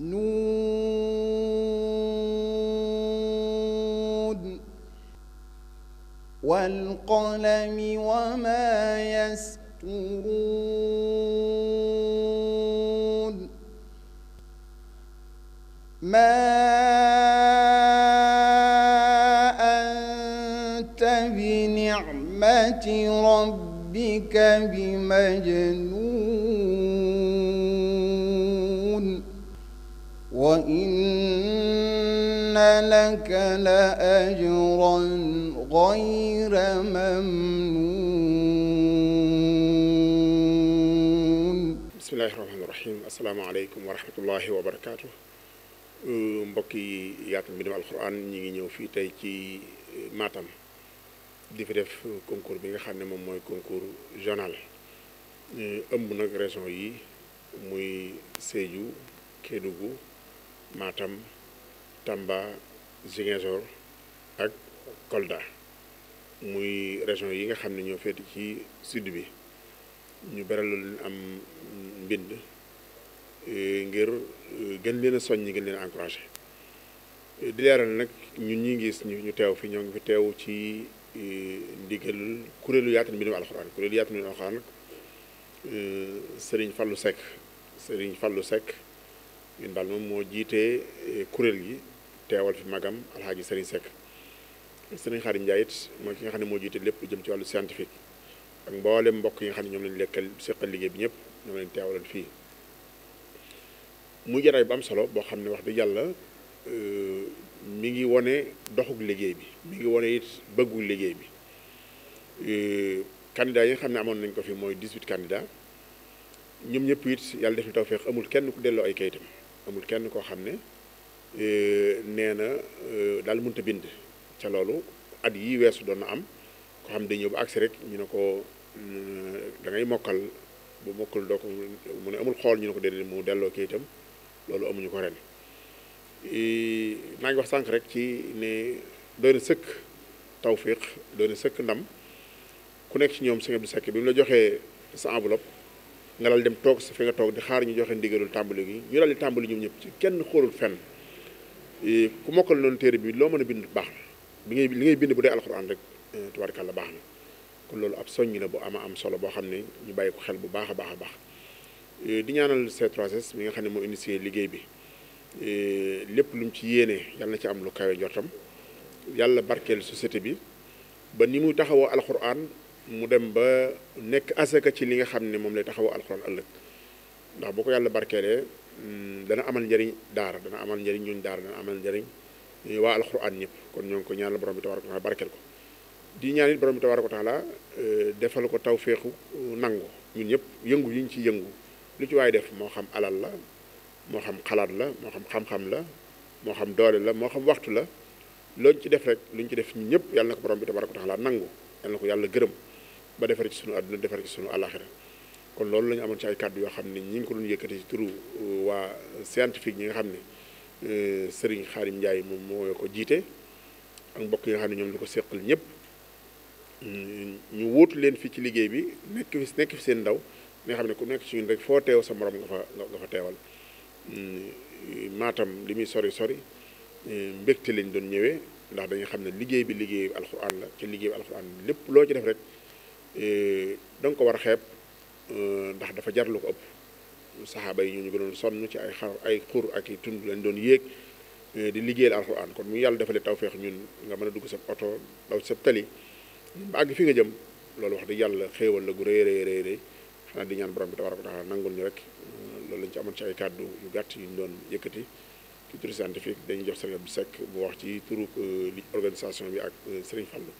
نون والقلم وما يسطرون ما أنت بنعمة ربك بمجنون لك لأجرا غير ممنون bismillaahi rahmaani rahiim asalaamaaleykum wa rahmatullaahi wa barakaatu mbokk yi yaatal mbindum alxuraan ñi ngi ñëw fii tey ci Matam di fi def concours bi nga xam ne moom mooy concours zonal ëmb nag région yi muy Sédhiou Kédougou Matam Tamba Ziguinchor ak Kolda muy région yi nga xam ne ñoo féete ci sud bi ñu beral leen am mbind e, ngir e, gën leen a soññi gën leen a encouragé di leeral nag ñu ñi gis ñu teew fi ñoo ngi fi teew ci e, ndigal kuréelu yaatal mbindum alxuraan kuréelu yaatal mbindum alxuraan nag sëriñ Fallou Seck sëriñ Fallou lu ñun daal moom moo jiitee kuréel gi teewal fi magam alxaaji sëriñ Seck sëriñ Xaadim Njaay it mooy ki nga xam ne moo jiite lépp jëm ci wàllu scientifique ak mboolem mbokk yi nga xam ne ñoom lañu lekkal seqal liggéey bi ñëpp ñoom lañu teewaloon fii muy jataay bu am solo boo xam ne wax bi yàlla euh, mi ngi wone doxug liggéey bi mi ngi wone it bëggul liggéey bi euh, candidat yi nga xam ne amoon nañ ko fi mooy 18 candidat ñoom ñëpp it yàlla def na tawfeex amul kenn ku delloo ay kayitam amul kenn koo xam ne Euh, nee na euh, daal mun a bind ca loolu at yi weesu doon na am ko xam day ñëw ba agsi rek ñu ne ko mm, dangay ngay mokkal bu mokkal doo ko mu ne amul xool ñu ne ko déedéet mu delloo kayitam loolu amuñu ko ren maa ngi wax sànq rek ci ne doy na sëkk tawfiq doy na sëkk ndam ku nekk ci ñoom sëñ Abdou Seck bi mu la joxee sa enveloppe nga dal dem toog sa fi nga toog di xaar ñu joxe ndigalul tàmbali gi ñu dal di tàmbali ñoom ñëpp ci kenn xoolul fenn Eh, ku mokkal noonu téere bi loo mën a bind bu baax na bi ngay li ngay bind bu dee alxuraan rek eh, tubaarkàlla baax na kon loolu ab soññ la bu ama am solo boo xam ne ñu bàyyi ko xel bu baax a baax a baax eh, di ñaanal C3S mi nga xam ne moo initié liggéey bi lépp lu ci yéene yàlla na ci am lu kawe njortam yàlla barkeel société bi ba ni muy taxawoo alxuraan mu dem ba nekk asaka ci li nga xam ne moom lay taxawoo alxuraan ëllëg ndax boo ko yàlla barkeelee Mm, dana amal njëriñ daara dana amal njëriñ ñooñu daara dana amal njëriñ ñooñu eh, waa alxuraan ñëpp kon ñoo ngi ko ñaanal borom bi tabaaraka taala barkeel ko di ñaan it borom bi tabaaraka taala eh, defal ko tawféexu nangu ñun ñëpp yëngu yi ñu ci yëngu lu ci waaye def moo xam alal la moo xam xalaat la moo xam xam-xam la moo xam doole la moo xam waxtu la looñ ci def rek luñ ci def ñun ñëpp yàlla na ko borom bi tax laa nangu yàlla na ko yàlla gërëm ba defar ci sunu àdduna defar ci sunu àllaaxira kon loolu lañu ñu amoon ci ay kàddu yoo xam ne ñi ngi ko doon yëkkati ci turu euh, waa scientifique ñi nga xam ne euh, Serigne Xaarim Ndiaye moom moo ko jiite ak mbokk yi nga xam ne ñoom lu ko seqal ñëpp ñu wut leen fii ci liggéey bi nekk fi nekk fi seen ndaw nga xam ne ku nekk ci ñun rek foo teew sa morom nga fa nga fa teewal maatam li muy sori sori mbégte lañ doon ñëwee ndax dañuy xam ne liggéey bi liggéey alxuraan la ci liggéey bi alxuraan lépp loo ci def rek euh, da ko war a xeeb Euh, ndax dafa jarlu ko ëpp saxaaba yi ñu gënoon sonn ci ay xar ay xur ak i tund lañ doon yéeg euh, di liggéey liggéeyal alxuraan kon mu yàlla defalee tawféex ñun nga mën a dugg sa oto daw sa tali ba àgg fi nga jëm loolu wax dëgg yàlla xéewal la gu rëy rëy rëy rëy xanaa di ñaan borom bi tabaaraka wa taala nangul ñu rek euh, loolu lañ ci amoon ci ay kàddu yu gàtt yu ñu doon yëkkati ci turu scientifique dañuy jox Serigne Abdou Seck bu wax ci turu organisation bi ak Serigne Fallou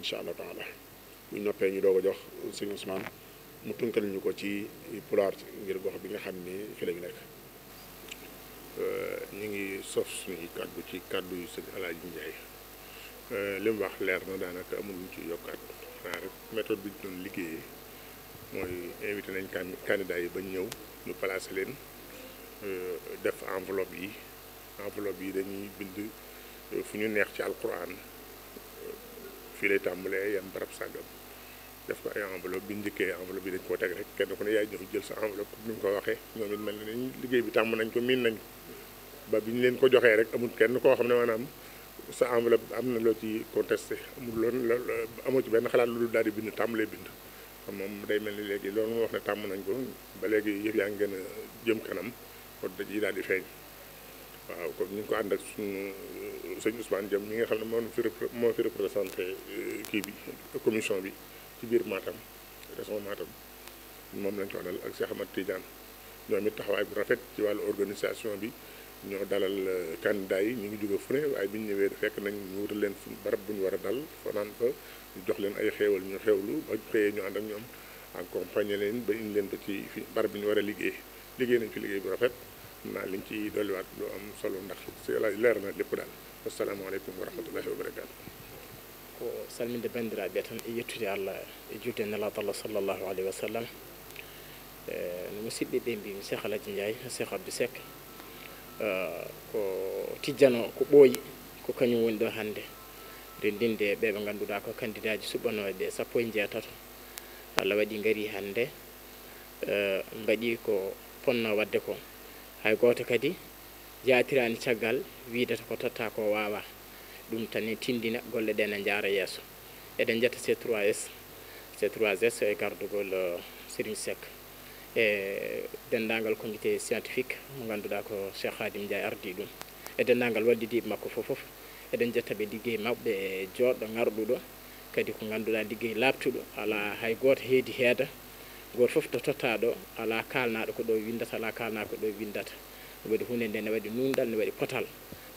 incha allah taala bu ñu ñu doog a jox Serigne Ousmane. mu tënkal ñu ko ci pulaar ngir gox bi nga xam ni fi lañu nekk euh, ñu ngi sof suñuy kàddu ci kàddu yu sëñ Alaaji Njaay euh, li wax leer na daanaka amul lu ci yokkaat xanaa rek méthode bi doon liggéeyee mooy invité nañ candidat yi ba ñëw ñu placé leen euh, def enveloppe yi enveloppe yi dañuy bind fu ñu neex ci alquran fii lay tàmbalee yam barab sàggam def ko ay enveloppe bi njëkkee enveloppe bi dañ koo teg rek kenn ku ne yaay ñëw jël sa enveloppe comme ni ñu ko waxee ñoom it mel na ni liggéey bi tàmm nañ ko miin nañ ba bi ñu leen ko joxee rek amul kenn koo xam ne maanaam sa enveloppe am na loo ci contesté amul loon amoo ci benn xalaat lu dul daal di bind tàmbalee bind xam moom day mel ni léegi loolu moo wax ne tàmm nañ ko ba léegi yëf yaa ngi gën a jëm kanam kon dañuy daal di feeñ waaw comme ñu ko ànd ak suñu sëñ Ousmane Diam mi nga xam ne moo fi moo fi représenté euh, kii bi commission bi ci biir maatam région Matam moom lañ ko dal ak Cheikh Ahmad Tidiane ñoom it taxawaay bu rafet ci wàllu organisation bi ñoo dalal euh, candidat yi ñu ngi jóge fu ne waaye bi ñu ñëwee fekk nañ ñu wutal leen barab bu ñu war dal fanaan fa ñu jox leen ay xeewal ñu xewlu ba xëyee ñu ànd ak ñoom accompagner leen ba indi leen ba ci fi barab bi ñu war a liggéey liggéey nañ fi liggéey bu rafet naa liñ ci dolliwaat lu am solo ndax si leer na lépp daal wasalaamaaleykum wa rahmatullahi wa barakaatu salminde bandiraɓe e tan e yettude allah e julde nelatallah sallllahu alayhi wa sallam e, no musidɓe ɓe mbimi cheikh alaji ndiaye cheikh abdou e, ko tijjano ko ɓooyi ko kañum woni ɗo hannde rendinde ɓe ɓe ko candidat ji suɓɓanoɓe sappo e jeetato allah waɗi ngari hannde mbaɗi ko ponno wadde ko hay gooto kadi jaatirani caggal wiidata ko totta ko wawa ɗum tani tindina golle ɗe ne jaara yeeso eɗen jetta c3s c3s e gardugol uh, sérigne e denndaangal comité scientifique mo ngannduɗaa ko cheikh hadim dia ardi ɗum e denndaangal waddidiiɓe makko fof eɗen jetta ɓe liggey maɓɓe e ngarɗuɗo kadi ko ngannduɗaa liggey laaɓtuɗo alaa hay gooto heedi heeda gooto fof to tottaa ɗo alaa kaalnaaɗo ko ɗo windata alaa kaalnaaɗo ko ɗo windata waɗi hunde nde ne waɗi nunɗal ne waɗi potal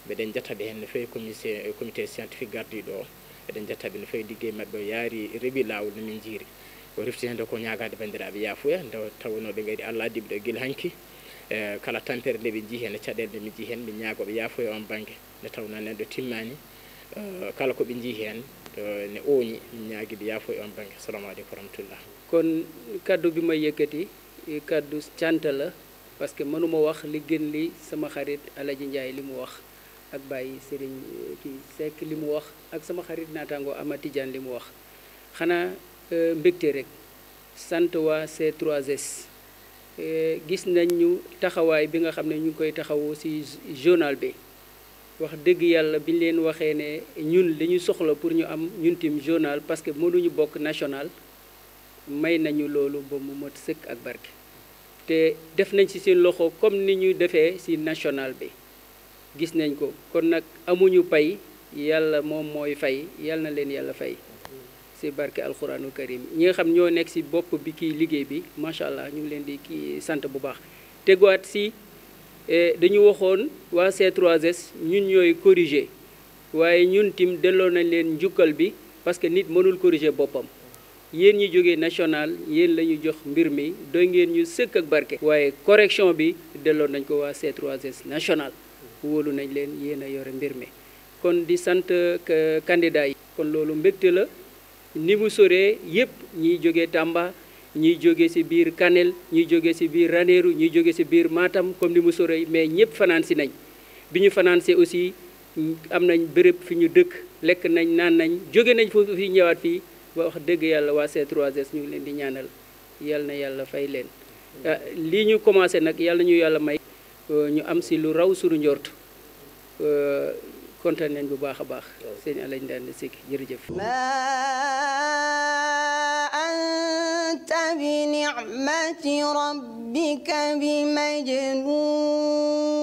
mbeɗen jattaɓe hen no fewi comité comité scientifique gardiɗo o eɗen jattaɓe no fewi ligguey mabɓe o yaari reeɓi lawol nomin jiiri o refti hen ko ñagade bandiraɓe yafuya nde tawnoɓe gadi allah addiɓe ɗo guila hanki e kala tampere nde ɓe jii hen e caɗele nde ɓe jii hen on banggue nde tawno neɗɗo timmani e, kala koɓe jii hen ne ooñi min ñaaguiɓe yafoy on bangue assalamu aleykum wa kaddu bi ma yëkkati e kaddu cant la parce que mënuma wax li gën li sama xarit Alaji Ndiaye li mu wax ak bàyyi Serigne euh, kii Seck li mu wax ak sama xarit naataangoo Ama Tidiane li mu wax xanaa euh, mbégte rek sant waa C3S euh, gis nañ ñu taxawaay bi nga xam ne ñu ngi koy taxawoo ci journal bi wax dëgg yàlla bi leen waxee ne ñun li ñu soxla pour ñu am ñun tim journal parce que mënuñu bokk national may nañu loolu ba mu mot sëkk ak barke te def nañ ci seen loxo comme ni ñuy defee ci national bi gis nañ ko kon nag amuñu pay yàlla moom mooy fay yàlla na leen yàlla fay ci barke alxuraanu karim ñi nga xam ñoo nekk ci bopp bi kii liggéey bi macha allah ñu ngi leen di kii sant bu baax teguwaat ci e, dañu waxoon waa c trois s ñun ñooy corriger waaye ñun tim delloo nañ leen njukkal bi parce que nit mënul corriger boppam yéen ñi jógee national yéen la ñu jox mbir mi doy ngeen ñu sëkk ak barke waaye correction bi delloo nañ ko waa C3S national woolu nañ leen yéen a yore mbir mi kon di sant euh, candidat yi kon loolu mbégte la ni mu soree yëpp ñuy jóge tàmba ñiy jóge ci biir Kanel ñuy jóge ci biir Ranérou ñuy jóge ci biir maatam comme ni mu soree mais ñëpp fanaan si nañ bi ñu fanaan see aussi am nañ bërëb fi ñu dëkk lekk nañ naan nañ jóge nañ foofu fi ñëwaat fii ba wax dëgg yàlla waa C3S ñu ngi leen di ñaanal yal na yàlla fay leen euh, lii ñu commencé nag yàlla ñu yàlla may euh, ñu am si lu raw suñu njort kontaan nañ bu baax a baax seen alañ daan di sikki jërëjëf ma anta bi ni'mati rabbika bi majnun